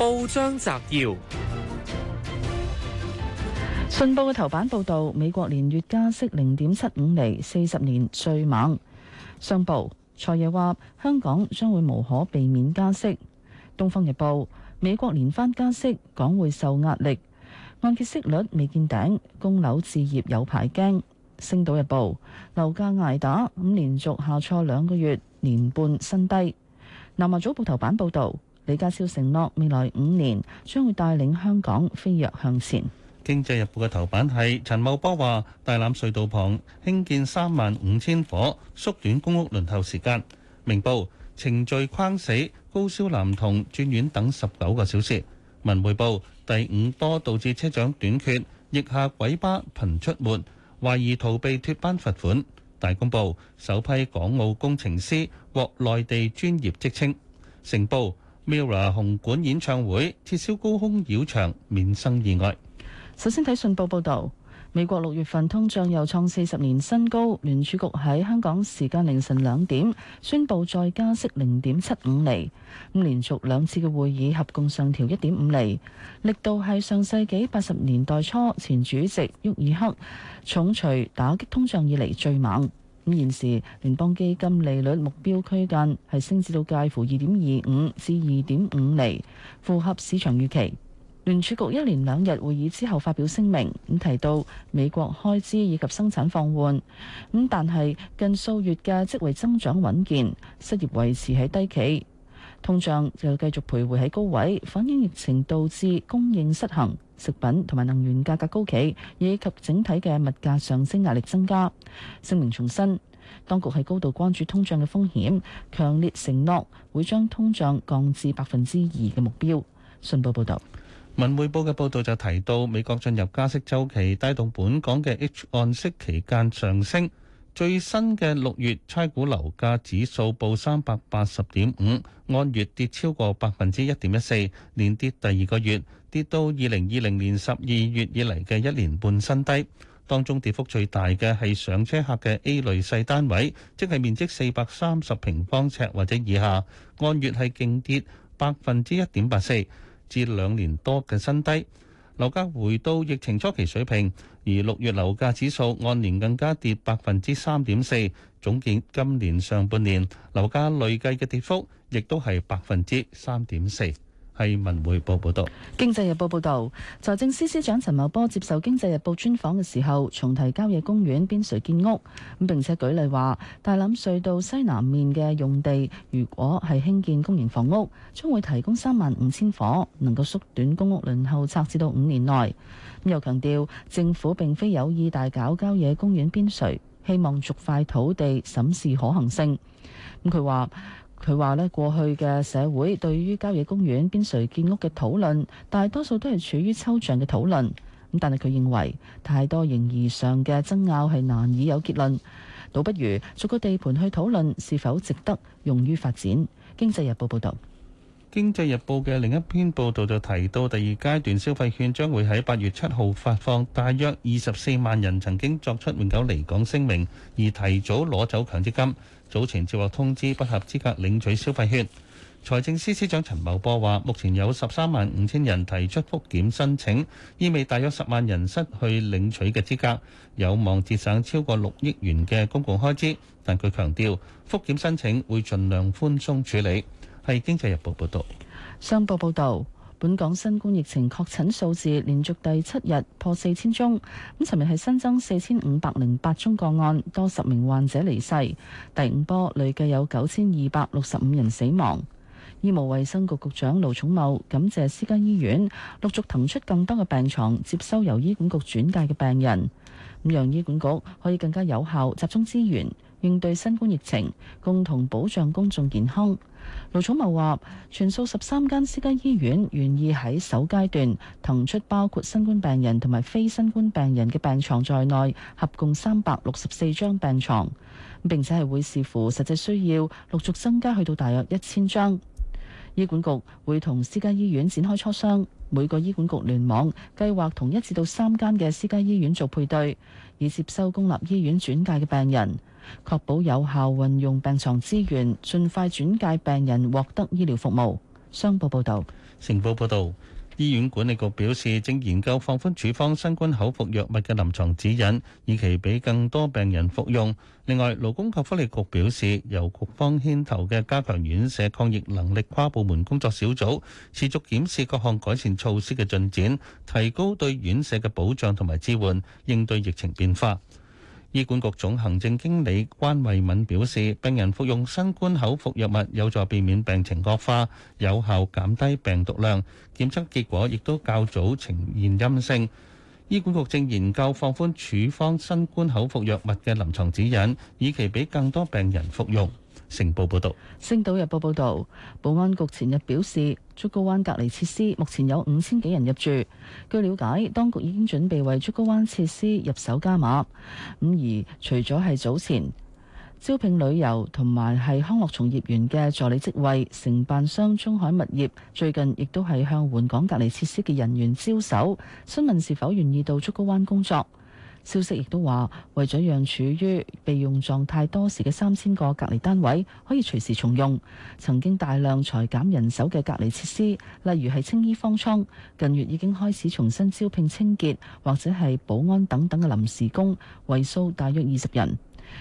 報章摘要：信報嘅頭版報道，美國連月加息零點七五厘，四十年最猛。商報財爺話，香港將會無可避免加息。東方日報，美國連番加息，港匯受壓力。按揭息率未見頂，供樓置業有排驚。星島日報，樓價挨打，五連續下挫兩個月，年半新低。南華早報頭版報道。李家超承諾未來五年將會帶領香港飛躍向前。《經濟日報》嘅頭版係陳茂波話：大欖隧道旁興建三萬五千伙，縮短公屋輪候時間。明報，程序框死，高燒男童轉院等十九個小時。文匯報，第五波導致車長短缺，逆下鬼巴頻出沒，懷疑逃避脫班罰款。大公報，首批港澳工程師獲內地專業職稱。成報 Mirror 紅館演唱會撤銷高空繞場，免生意外。首先睇信報報道，美國六月份通脹又創四十年新高，聯儲局喺香港時間凌晨兩點宣布再加息零點七五厘，咁連續兩次嘅會議合共上調一點五厘。力度係上世紀八十年代初前主席沃爾克重錘打擊通脹以嚟最猛。咁現時聯邦基金利率目標區間係升至到介乎二點二五至二點五厘，符合市場預期。聯儲局一連兩日會議之後發表聲明，咁提到美國開支以及生產放緩，咁但係近數月嘅職位增長穩健，失業維持喺低企。通脹就繼續徘徊喺高位，反映疫情導致供應失衡、食品同埋能源價格高企，以及整體嘅物價上升壓力增加。聲明重申，當局係高度關注通脹嘅風險，強烈承諾會將通脹降至百分之二嘅目標。信報報道，文匯報嘅報導就提到，美國進入加息週期，帶動本港嘅 H 按息期間上升。最新嘅六月差估樓價指數報三百八十點五，按月跌超過百分之一點一四，連跌第二個月，跌到二零二零年十二月以嚟嘅一年半新低。當中跌幅最大嘅係上車客嘅 A 類細單位，即係面積四百三十平方尺或者以下，按月係勁跌百分之一點八四，至兩年多嘅新低。樓價回到疫情初期水平，而六月樓價指數按年更加跌百分之三點四。總結今年上半年樓價累計嘅跌幅，亦都係百分之三點四。係文匯報報道，經濟日報報道，財政司司長陳茂波接受經濟日報專訪嘅時候，重提郊野公園邊陲建屋，咁並且舉例話，大欖隧道西南面嘅用地，如果係興建公營房屋，將會提供三萬五千伙，能夠縮短公屋輪候冊至到五年內。咁又強調，政府並非有意大搞郊野公園邊陲，希望逐塊土地審視可行性。咁佢話。佢話咧，過去嘅社會對於郊野公園邊陲建屋嘅討論，大多數都係處於抽象嘅討論。咁但係佢認為，太多形而上嘅爭拗係難以有結論，倒不如逐個地盤去討論是否值得用於發展。經濟日報報道。經濟日報嘅另一篇報導就提到，第二階段消費券將會喺八月七號發放，大約二十四萬人曾經作出永久離港聲明而提早攞走強積金。早前接獲通知，不合資格領取消費券。財政司司長陳茂波話：目前有十三萬五千人提出復檢申請，意味大約十萬人失去領取嘅資格，有望節省超過六億元嘅公共開支。但佢強調，復檢申請會盡量寬鬆處理。係《經濟日報》報導，《商報》報導。本港新冠疫情確診數字連續第七日破四千宗，咁尋日係新增四千五百零八宗個案，多十名患者離世。第五波累計有九千二百六十五人死亡。醫務衛生局局長盧寵茂感謝私家醫院陸續騰出更多嘅病床，接收由醫管局轉介嘅病人，咁讓醫管局可以更加有效集中資源。應對新冠疫情，共同保障公眾健康。盧寵茂話：全數十三間私家醫院願意喺首階段騰出，包括新冠病人同埋非新冠病人嘅病床在內，合共三百六十四張病床。並且係會視乎實際需要，陸續增加去到大約一千張。醫管局會同私家醫院展開磋商，每個醫管局聯網計劃同一至到三間嘅私家醫院做配對，以接收公立醫院轉介嘅病人。確保有效運用病床資源，盡快轉介病人獲得醫療服務。商報報道，成報報道，醫院管理局表示正研究放寬處方新冠口服藥物嘅臨床指引，以期俾更多病人服用。另外，勞工及福利局表示，由局方牽頭嘅加強院舍抗疫能力跨部門工作小組，持續檢視各項改善措施嘅進展，提高對院舍嘅保障同埋支援，應對疫情變化。醫管局總行政經理關慧敏表示，病人服用新冠口服藥物有助避免病情惡化，有效減低病毒量，檢測結果亦都較早呈現陰性。醫管局正研究放寬處方新冠口服藥物嘅臨牀指引，以期俾更多病人服用。成報報導，《星島日報》報道，保安局前日表示，竹篙灣隔離設施目前有五千幾人入住。據了解，當局已經準備為竹篙灣設施入手加碼。咁而除咗係早前招聘旅遊同埋係康樂從業員嘅助理職位，承辦商中海物業最近亦都係向援港隔離設施嘅人員招手，詢問是否願意到竹篙灣工作。消息亦都話，為咗讓處於備用狀態多時嘅三千個隔離單位可以隨時重用，曾經大量裁減人手嘅隔離設施，例如係青衣方艙，近月已經開始重新招聘清潔或者係保安等等嘅臨時工為數大約二十人。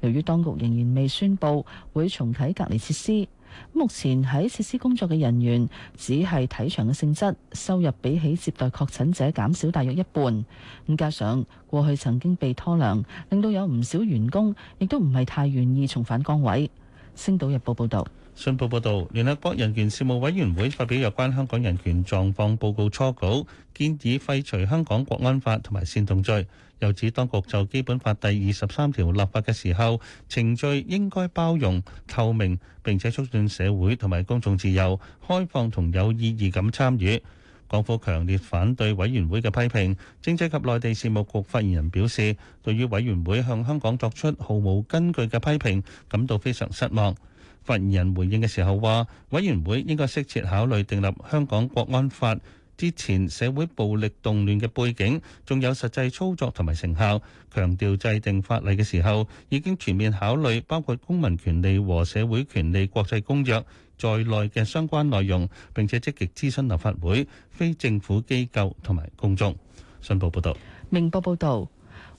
由於當局仍然未宣佈會重啟隔離設施，目前喺設施工作嘅人員只係睇場嘅性質，收入比起接待確診者減少大約一半。咁加上過去曾經被拖糧，令到有唔少員工亦都唔係太願意重返崗位。星島日報報道。信報報導，聯合國人權事務委員會發表有關香港人權狀況報告初稿，建議廢除香港國安法同埋煽動罪。又指當局就基本法第二十三條立法嘅時候，程序應該包容、透明，並且促進社會同埋公眾自由、開放同有意義噉參與。港府強烈反對委員會嘅批評。政制及內地事務局發言人表示，對於委員會向香港作出毫無根據嘅批評，感到非常失望。發言人回應嘅時候話，委員會應該適切考慮訂立香港國安法之前社會暴力動亂嘅背景，仲有實際操作同埋成效。強調制定法例嘅時候，已經全面考慮包括公民權利和社會權利國際公約在內嘅相關內容，並且積極諮詢立法會、非政府機構同埋公眾。信報報道，明報報道。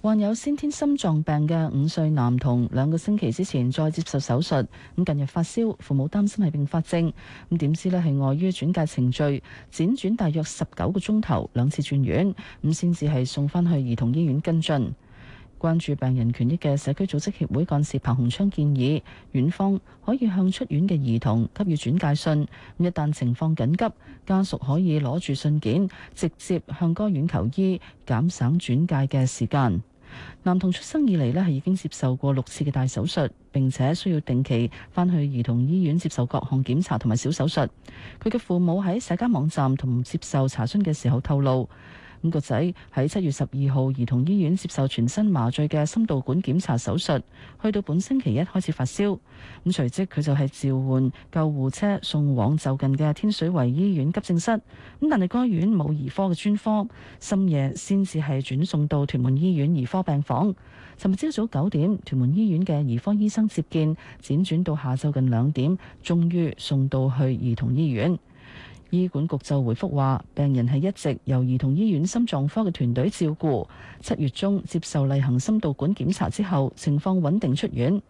患有先天心臟病嘅五歲男童，兩個星期之前再接受手術。咁近日發燒，父母擔心係併發症。咁點知呢係礙於轉介程序，輾轉大約十九個鐘頭，兩次轉院，咁先至係送翻去兒童醫院跟進。關注病人權益嘅社區組織協會幹事彭洪昌建議，院方可以向出院嘅兒童給予轉介信。一旦情況緊急，家屬可以攞住信件直接向該院求醫，減省轉介嘅時間。男童出生以嚟呢，係已經接受過六次嘅大手術，並且需要定期翻去兒童醫院接受各項檢查同埋小手術。佢嘅父母喺社交網站同接受查詢嘅時候透露。咁個仔喺七月十二號兒童醫院接受全身麻醉嘅心導管檢查手術，去到本星期一開始發燒，咁隨即佢就係召喚救護車送往就近嘅天水圍醫院急症室，咁但係該院冇兒科嘅專科，深夜先至係轉送到屯門醫院兒科病房。尋日朝早九點，屯門醫院嘅兒科醫生接見，輾轉到下晝近兩點，終於送到去兒童醫院。醫管局就回覆話，病人係一直由兒童醫院心臟科嘅團隊照顧。七月中接受例行心導管檢查之後，情況穩定出院。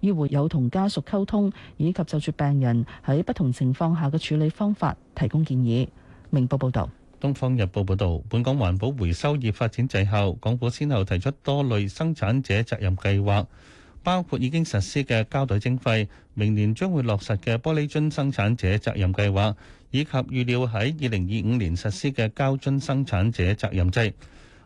醫護有同家屬溝通，以及就住病人喺不同情況下嘅處理方法提供建議。明報報道，《東方日報》報道，本港環保回收業發展滯後，港府先後提出多類生產者責任計劃。包括已經實施嘅膠袋徵費，明年將會落實嘅玻璃樽生產者責任計劃，以及預料喺二零二五年實施嘅膠樽生產者責任制。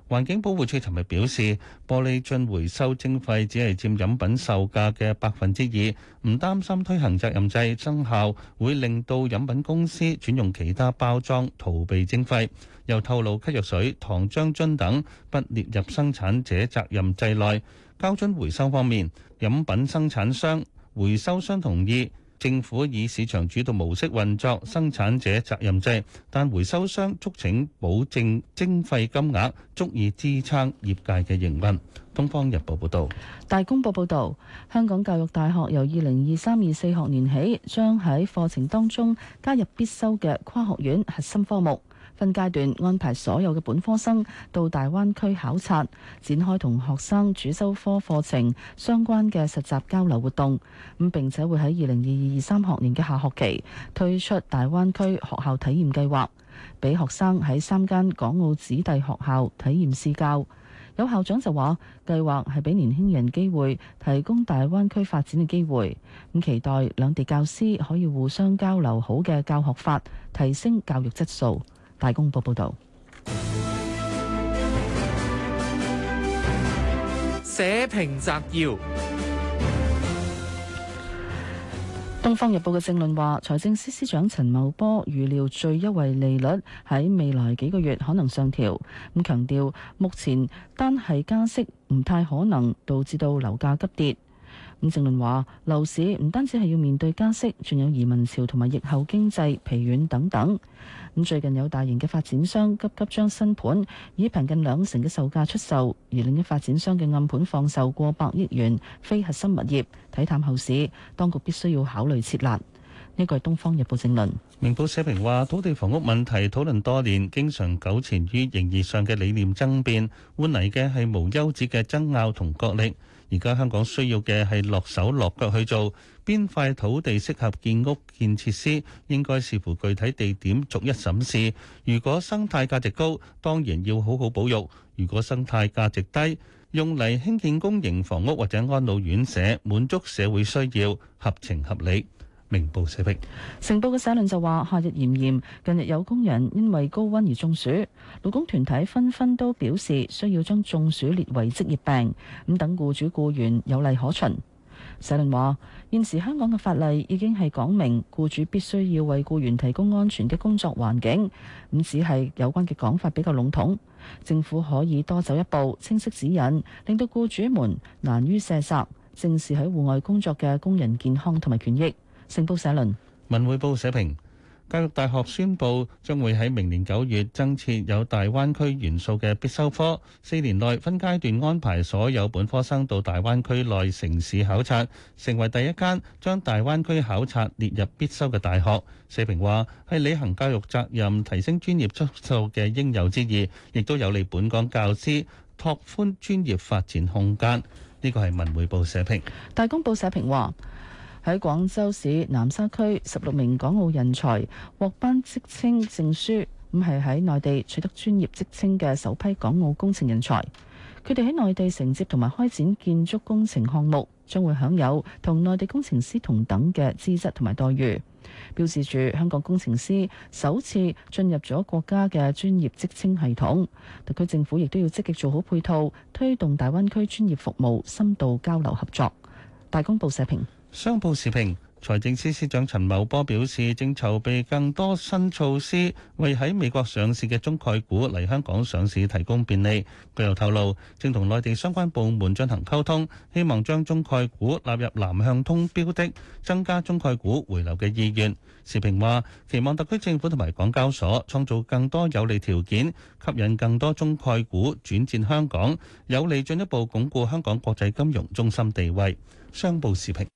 環境保護署尋日表示，玻璃樽回收徵費只係佔飲品售價嘅百分之二，唔擔心推行責任制生效會令到飲品公司轉用其他包裝逃避徵費。又透露，咳藥水、糖漿樽等不列入生產者責任制內。膠樽回收方面。飲品生產商、回收商同意政府以市場主導模式運作生產者責任制，但回收商促請保證徵費金額足以支撐業界嘅營運。《東方日報》報道。《大公報》報道，香港教育大學由二零二三二四學年起將喺課程當中加入必修嘅跨學院核心科目。分階段安排所有嘅本科生到大灣區考察，展開同學生主修科課程相關嘅實習交流活動。咁並且會喺二零二二二三學年嘅下學期推出大灣區學校體驗計劃，俾學生喺三間港澳子弟學校體驗試教。有校長就話，計劃係俾年輕人機會，提供大灣區發展嘅機會。咁期待兩地教師可以互相交流好嘅教學法，提升教育質素。大公報報道，社評摘要。東方日報嘅政論話，財政司司長陳茂波預料最優惠利率喺未來幾個月可能上調，咁強調目前單係加息唔太可能導致到樓價急跌。伍正倫話：樓市唔單止係要面對加息，仲有移民潮同埋疫後經濟疲軟等等。咁最近有大型嘅發展商急急將新盤以平近兩成嘅售價出售，而另一發展商嘅暗盤放售過百億元非核心物業，睇淡後市。當局必須要考慮設立。呢個係《東方日報》正論。明報社評話：土地房屋問題討論多年，經常糾纏於形式上嘅理念爭辯，換嚟嘅係無休止嘅爭拗同角力。而家香港需要嘅係落手落腳去做，邊塊土地適合建屋建設施，應該視乎具體地點逐一審視。如果生態價值高，當然要好好保育；如果生態價值低，用嚟興建公營房屋或者安老院舍，滿足社會需要，合情合理。明報社評，成報嘅社論就話：夏日炎炎，近日有工人因為高溫而中暑，勞工團體紛紛都表示需要將中暑列為職業病，咁等雇主雇員有例可循。社論話：現時香港嘅法例已經係講明，雇主必須要為雇員提供安全嘅工作環境，咁只係有關嘅講法比較籠統，政府可以多走一步，清晰指引，令到雇主們難於卸責，正視喺戶外工作嘅工人健康同埋權益。《成報》社論，《文匯報》社評，教育大學宣布將會喺明年九月增設有大灣區元素嘅必修科，四年內分階段安排所有本科生到大灣區內城市考察，成為第一間將大灣區考察列入必修嘅大學。社評話：係履行教育責任、提升專業質素嘅應有之義，亦都有利本港教師拓寬專業發展空間。呢個係《文匯報》社評，《大公報》社評話。喺廣州市南沙區，十六名港澳人才獲頒職稱證書，咁係喺內地取得專業職稱嘅首批港澳工程人才。佢哋喺內地承接同埋開展建築工程項目，將會享有同內地工程師同等嘅資質同埋待遇，標誌住香港工程師首次進入咗國家嘅專業職稱系統，特區政府亦都要積極做好配套，推動大灣區專業服務深度交流合作。大公報社評。商報時評，財政司司長陳茂波表示，正籌備更多新措施，為喺美國上市嘅中概股嚟香港上市提供便利。佢又透露，正同內地相關部門進行溝通，希望將中概股納入南向通標的，增加中概股回流嘅意願。時評話，期望特區政府同埋港交所創造更多有利條件，吸引更多中概股轉戰香港，有利進一步鞏固香港國際金融中心地位。商報時評。